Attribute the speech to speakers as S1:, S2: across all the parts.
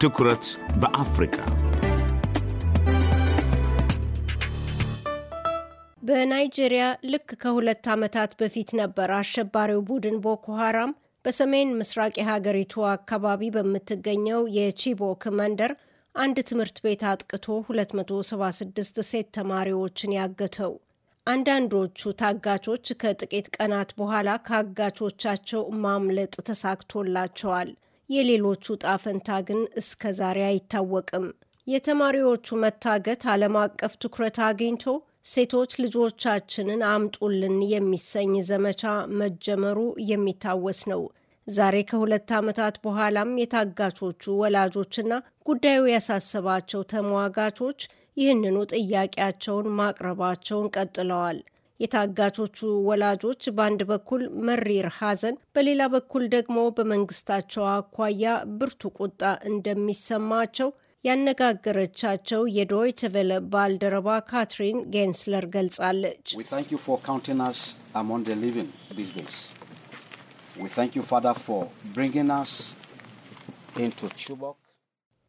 S1: ትኩረት በአፍሪካ በናይጄሪያ ልክ ከሁለት ዓመታት በፊት ነበር አሸባሪው ቡድን ቦኮ ሃራም በሰሜን ምስራቅ የሀገሪቱ አካባቢ በምትገኘው የቺቦክ መንደር አንድ ትምህርት ቤት አጥቅቶ 276 ሴት ተማሪዎችን ያገተው። አንዳንዶቹ ታጋቾች ከጥቂት ቀናት በኋላ ከአጋቾቻቸው ማምለጥ ተሳክቶላቸዋል። የሌሎቹ ጣፈንታ ግን እስከ ዛሬ አይታወቅም። የተማሪዎቹ መታገት ዓለም አቀፍ ትኩረት አግኝቶ ሴቶች ልጆቻችንን አምጡልን የሚሰኝ ዘመቻ መጀመሩ የሚታወስ ነው። ዛሬ ከሁለት ዓመታት በኋላም የታጋቾቹ ወላጆችና ጉዳዩ ያሳሰባቸው ተሟጋቾች ይህንኑ ጥያቄያቸውን ማቅረባቸውን ቀጥለዋል። የታጋቾቹ ወላጆች በአንድ በኩል መሪር ሐዘን፣ በሌላ በኩል ደግሞ በመንግስታቸው አኳያ ብርቱ ቁጣ እንደሚሰማቸው ያነጋገረቻቸው የዶይቸ ቬለ ባልደረባ ካትሪን ጌንስለር ገልጻለች። We thank you, Father, for bringing us into Chibok.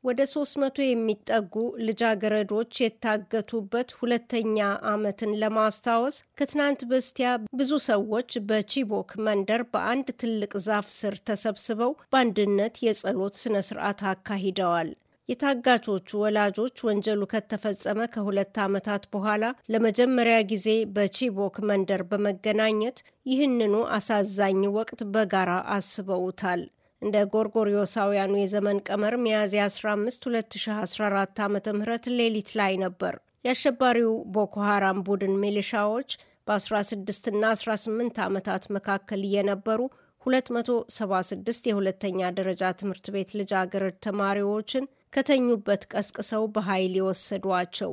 S1: ወደ 300 የሚጠጉ ልጃገረዶች የታገቱበት ሁለተኛ ዓመትን ለማስታወስ ከትናንት በስቲያ ብዙ ሰዎች በቺቦክ መንደር በአንድ ትልቅ ዛፍ ስር ተሰብስበው በአንድነት የጸሎት ስነ ስርዓት አካሂደዋል። የታጋቾቹ ወላጆች ወንጀሉ ከተፈጸመ ከሁለት ዓመታት በኋላ ለመጀመሪያ ጊዜ በቺቦክ መንደር በመገናኘት ይህንኑ አሳዛኝ ወቅት በጋራ አስበውታል። እንደ ጎርጎሪዮሳውያኑ የዘመን ቀመር ሚያዝያ 15 2014 ዓ ም ሌሊት ላይ ነበር የአሸባሪው ቦኮ ሃራም ቡድን ሚሊሻዎች በ16 ና 18 ዓመታት መካከል የነበሩ 276 የሁለተኛ ደረጃ ትምህርት ቤት ልጃገረድ ተማሪዎችን ከተኙበት ቀስቅሰው በኃይል የወሰዷቸው።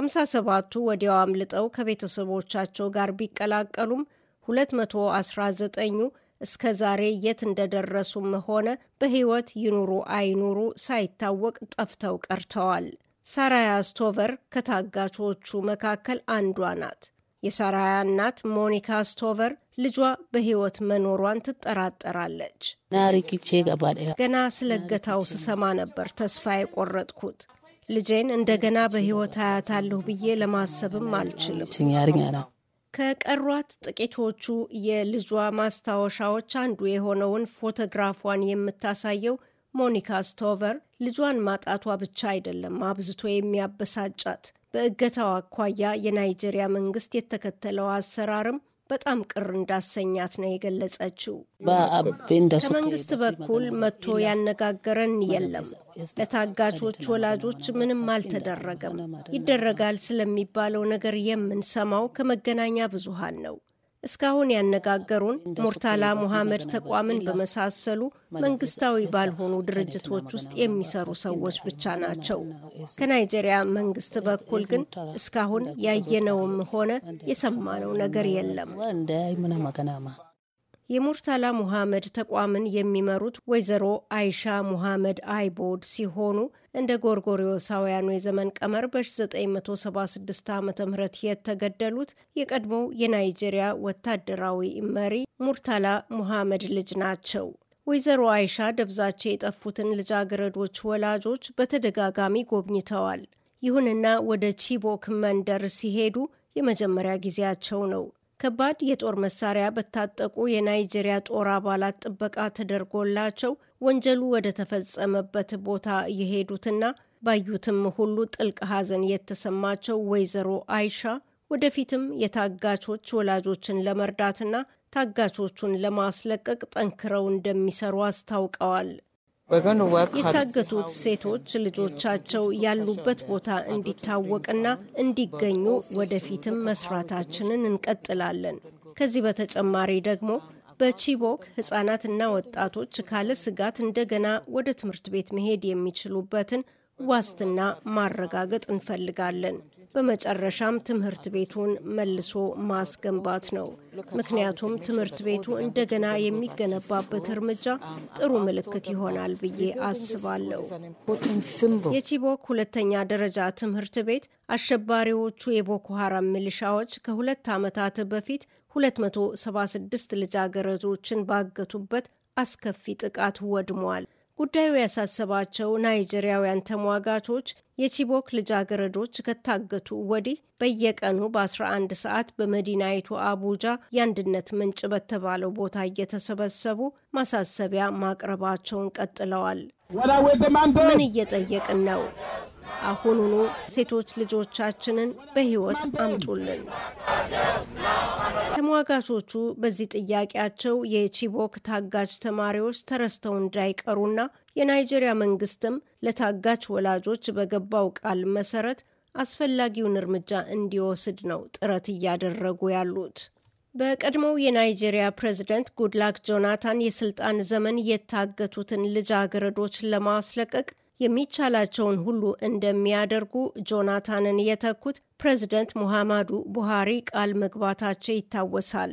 S1: 57ቱ ወዲያው አምልጠው ከቤተሰቦቻቸው ጋር ቢቀላቀሉም 219ኙ እስከ ዛሬ የት እንደደረሱም ሆነ በሕይወት ይኑሩ አይኑሩ ሳይታወቅ ጠፍተው ቀርተዋል። ሳራያ ስቶቨር ከታጋቾቹ መካከል አንዷ ናት። የሳራያ እናት ሞኒካ ስቶቨር ልጇ በሕይወት መኖሯን ትጠራጠራለች። ገና ስለ እገታው ስሰማ ነበር ተስፋ የቆረጥኩት። ልጄን እንደገና በሕይወት አያታለሁ ብዬ ለማሰብም አልችልም። ከቀሯት ጥቂቶቹ የልጇ ማስታወሻዎች አንዱ የሆነውን ፎቶግራፏን የምታሳየው ሞኒካ ስቶቨር ልጇን ማጣቷ ብቻ አይደለም አብዝቶ የሚያበሳጫት። በእገታው አኳያ የናይጄሪያ መንግስት የተከተለው አሰራርም በጣም ቅር እንዳሰኛት ነው የገለጸችው። ከመንግስት በኩል መጥቶ ያነጋገረን የለም። ለታጋቾች ወላጆች ምንም አልተደረገም። ይደረጋል ስለሚባለው ነገር የምንሰማው ከመገናኛ ብዙሃን ነው። እስካሁን ያነጋገሩን ሙርታላ ሙሐመድ ተቋምን በመሳሰሉ መንግስታዊ ባልሆኑ ድርጅቶች ውስጥ የሚሰሩ ሰዎች ብቻ ናቸው። ከናይጄሪያ መንግስት በኩል ግን እስካሁን ያየነውም ሆነ የሰማነው ነገር የለም። የሙርታላ ሙሐመድ ተቋምን የሚመሩት ወይዘሮ አይሻ ሙሐመድ አይቦድ ሲሆኑ እንደ ጎርጎሪዮሳውያኑ የዘመን ቀመር በ1976 ዓ ም የተገደሉት የቀድሞው የናይጄሪያ ወታደራዊ መሪ ሙርታላ ሙሐመድ ልጅ ናቸው። ወይዘሮ አይሻ ደብዛቸው የጠፉትን ልጃገረዶች ወላጆች በተደጋጋሚ ጎብኝተዋል። ይሁንና ወደ ቺቦክ መንደር ሲሄዱ የመጀመሪያ ጊዜያቸው ነው። ከባድ የጦር መሳሪያ በታጠቁ የናይጄሪያ ጦር አባላት ጥበቃ ተደርጎላቸው ወንጀሉ ወደ ተፈጸመበት ቦታ የሄዱትና ባዩትም ሁሉ ጥልቅ ሐዘን የተሰማቸው ወይዘሮ አይሻ ወደፊትም የታጋቾች ወላጆችን ለመርዳትና ታጋቾቹን ለማስለቀቅ ጠንክረው እንደሚሰሩ አስታውቀዋል። የታገቱት ሴቶች ልጆቻቸው ያሉበት ቦታ እንዲታወቅና እንዲገኙ ወደፊትም መስራታችንን እንቀጥላለን። ከዚህ በተጨማሪ ደግሞ በቺቦክ ህጻናትና ወጣቶች ካለ ስጋት እንደገና ወደ ትምህርት ቤት መሄድ የሚችሉበትን ዋስትና ማረጋገጥ እንፈልጋለን። በመጨረሻም ትምህርት ቤቱን መልሶ ማስገንባት ነው። ምክንያቱም ትምህርት ቤቱ እንደገና የሚገነባበት እርምጃ ጥሩ ምልክት ይሆናል ብዬ አስባለሁ። የቺቦክ ሁለተኛ ደረጃ ትምህርት ቤት አሸባሪዎቹ የቦኮ ሀራም ሚሊሻዎች ከሁለት ዓመታት በፊት 276 ልጃገረዞችን ባገቱበት አስከፊ ጥቃት ወድሟል። ጉዳዩ ያሳሰባቸው ናይጄሪያውያን ተሟጋቾች የቺቦክ ልጃገረዶች ከታገቱ ወዲህ በየቀኑ በ11 ሰዓት በመዲናይቱ አቡጃ የአንድነት ምንጭ በተባለው ቦታ እየተሰበሰቡ ማሳሰቢያ ማቅረባቸውን ቀጥለዋል። ምን እየጠየቅን ነው? አሁኑኑ ሴቶች ልጆቻችንን በህይወት አምጡልን። ተሟጋቾቹ በዚህ ጥያቄያቸው የቺቦክ ታጋጅ ተማሪዎች ተረስተው እንዳይቀሩና የናይጄሪያ መንግስትም ለታጋች ወላጆች በገባው ቃል መሰረት አስፈላጊውን እርምጃ እንዲወስድ ነው ጥረት እያደረጉ ያሉት። በቀድሞው የናይጄሪያ ፕሬዝደንት ጉድላክ ጆናታን የስልጣን ዘመን የታገቱትን ልጃገረዶች ለማስለቀቅ የሚቻላቸውን ሁሉ እንደሚያደርጉ ጆናታንን የተኩት ፕሬዝደንት ሙሐማዱ ቡሃሪ ቃል መግባታቸው ይታወሳል።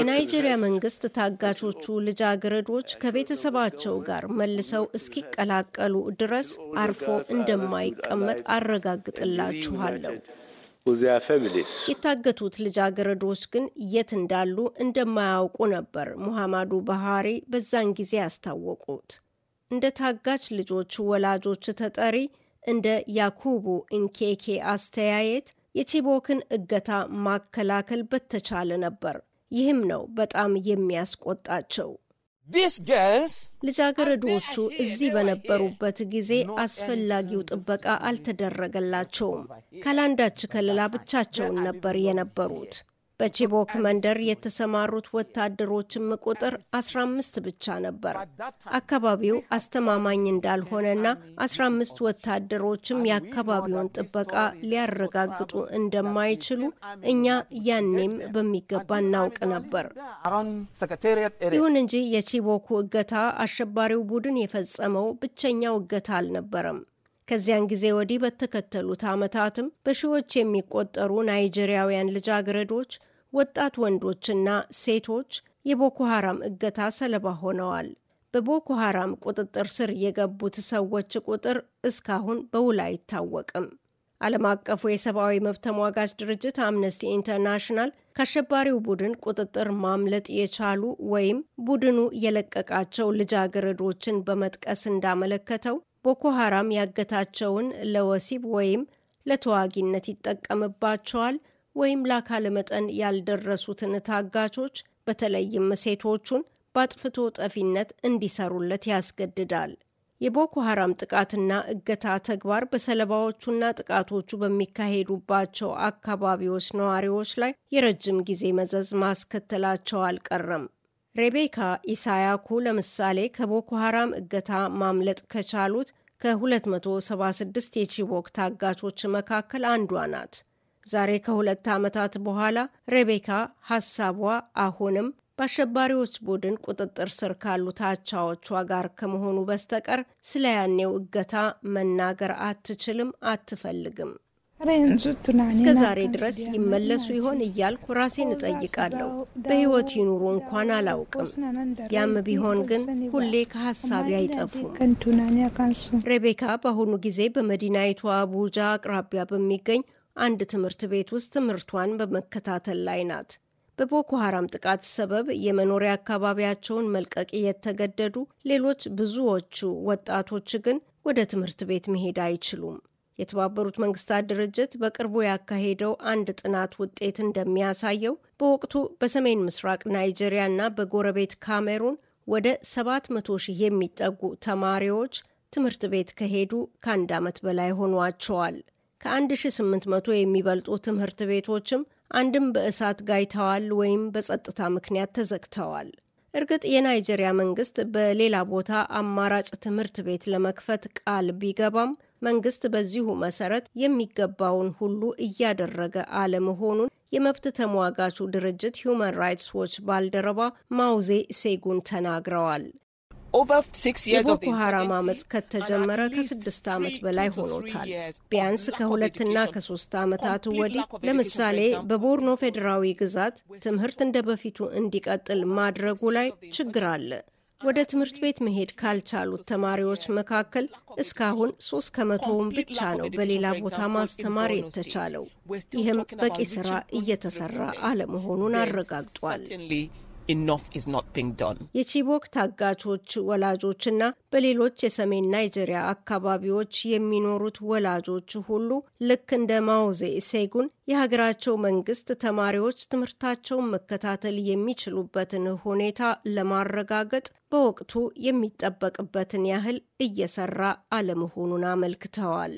S1: የናይጄሪያ መንግስት ታጋቾቹ ልጃገረዶች ከቤተሰባቸው ጋር መልሰው እስኪቀላቀሉ ድረስ አርፎ እንደማይቀመጥ አረጋግጥላችኋለሁ። የታገቱት ልጃገረዶች ግን የት እንዳሉ እንደማያውቁ ነበር ሙሐማዱ ባህሪ በዛን ጊዜ ያስታወቁት። እንደ ታጋች ልጆች ወላጆች ተጠሪ እንደ ያኩቡ ኢንኬኬ አስተያየት የቺቦክን እገታ ማከላከል በተቻለ ነበር። ይህም ነው በጣም የሚያስቆጣቸው። ልጃገረዶቹ እዚህ በነበሩበት ጊዜ አስፈላጊው ጥበቃ አልተደረገላቸውም። ካላንዳች ከለላ ብቻቸውን ነበር የነበሩት። በቺቦክ መንደር የተሰማሩት ወታደሮችም ቁጥር 15 ብቻ ነበር። አካባቢው አስተማማኝ እንዳልሆነና 15 ወታደሮችም የአካባቢውን ጥበቃ ሊያረጋግጡ እንደማይችሉ እኛ ያኔም በሚገባ እናውቅ ነበር። ይሁን እንጂ የቺቦኩ እገታ አሸባሪው ቡድን የፈጸመው ብቸኛው እገታ አልነበረም። ከዚያን ጊዜ ወዲህ በተከተሉት ዓመታትም በሺዎች የሚቆጠሩ ናይጄሪያውያን ልጃገረዶች፣ ወጣት ወንዶችና ሴቶች የቦኮ ሐራም እገታ ሰለባ ሆነዋል። በቦኮ ሐራም ቁጥጥር ስር የገቡት ሰዎች ቁጥር እስካሁን በውል አይታወቅም። ዓለም አቀፉ የሰብአዊ መብት ተሟጋች ድርጅት አምነስቲ ኢንተርናሽናል ከአሸባሪው ቡድን ቁጥጥር ማምለጥ የቻሉ ወይም ቡድኑ የለቀቃቸው ልጃገረዶችን በመጥቀስ እንዳመለከተው ቦኮ ሀራም ያገታቸውን ለወሲብ ወይም ለተዋጊነት ይጠቀምባቸዋል ወይም ለአካለ መጠን ያልደረሱትን ታጋቾች በተለይም ሴቶቹን በአጥፍቶ ጠፊነት እንዲሰሩለት ያስገድዳል። የቦኮ ሀራም ጥቃትና እገታ ተግባር በሰለባዎቹና ጥቃቶቹ በሚካሄዱባቸው አካባቢዎች ነዋሪዎች ላይ የረጅም ጊዜ መዘዝ ማስከተላቸው አልቀረም። ሬቤካ ኢሳያኩ ለምሳሌ ከቦኮ ሀራም እገታ ማምለጥ ከቻሉት ከ276 የቺቦክ ታጋቾች መካከል አንዷ ናት። ዛሬ ከሁለት ዓመታት በኋላ ሬቤካ ሐሳቧ አሁንም በአሸባሪዎች ቡድን ቁጥጥር ስር ካሉት አቻዎቿ ጋር ከመሆኑ በስተቀር ስለ ያኔው እገታ መናገር አትችልም፣ አትፈልግም። እስከ ዛሬ ድረስ ይመለሱ ይሆን እያልኩ ራሴን እጠይቃለሁ። በሕይወት ይኑሩ እንኳን አላውቅም። ያም ቢሆን ግን ሁሌ ከሀሳቢ አይጠፉም። ሬቤካ በአሁኑ ጊዜ በመዲናይቱ አቡጃ አቅራቢያ በሚገኝ አንድ ትምህርት ቤት ውስጥ ትምህርቷን በመከታተል ላይ ናት። በቦኮ ሀራም ጥቃት ሰበብ የመኖሪያ አካባቢያቸውን መልቀቅ የተገደዱ ሌሎች ብዙዎቹ ወጣቶች ግን ወደ ትምህርት ቤት መሄድ አይችሉም። የተባበሩት መንግስታት ድርጅት በቅርቡ ያካሄደው አንድ ጥናት ውጤት እንደሚያሳየው በወቅቱ በሰሜን ምስራቅ እና በጎረቤት ካሜሩን ወደ 700 ሺህ የሚጠጉ ተማሪዎች ትምህርት ቤት ከሄዱ ከአንድ ዓመት በላይ ሆኗቸዋል። ከ1800 የሚበልጡ ትምህርት ቤቶችም አንድም በእሳት ጋይተዋል ወይም በጸጥታ ምክንያት ተዘግተዋል። እርግጥ የናይጄሪያ መንግስት በሌላ ቦታ አማራጭ ትምህርት ቤት ለመክፈት ቃል ቢገባም መንግስት በዚሁ መሰረት የሚገባውን ሁሉ እያደረገ አለመሆኑን የመብት ተሟጋቹ ድርጅት ሁማን ራይትስ ዎች ባልደረባ ማውዜ ሴጉን ተናግረዋል። የቦኮ ሀራም አመፅ ከተጀመረ ከስድስት ዓመት በላይ ሆኖታል። ቢያንስ ከሁለትና ከሶስት ዓመታት ወዲህ ለምሳሌ በቦርኖ ፌዴራዊ ግዛት ትምህርት እንደ በፊቱ እንዲቀጥል ማድረጉ ላይ ችግር አለ። ወደ ትምህርት ቤት መሄድ ካልቻሉት ተማሪዎች መካከል እስካሁን ሶስት ከመቶውን ብቻ ነው በሌላ ቦታ ማስተማር የተቻለው። ይህም በቂ ስራ እየተሰራ አለመሆኑን አረጋግጧል። ኢኖፍ ኢዝ ኖት ቢንግ የቺቦክ ታጋቾች ወላጆችና በሌሎች የሰሜን ናይጄሪያ አካባቢዎች የሚኖሩት ወላጆች ሁሉ ልክ እንደ ማውዜ ሴጉን የሀገራቸው መንግስት ተማሪዎች ትምህርታቸውን መከታተል የሚችሉበትን ሁኔታ ለማረጋገጥ በወቅቱ የሚጠበቅበትን ያህል እየሰራ አለመሆኑን አመልክተዋል።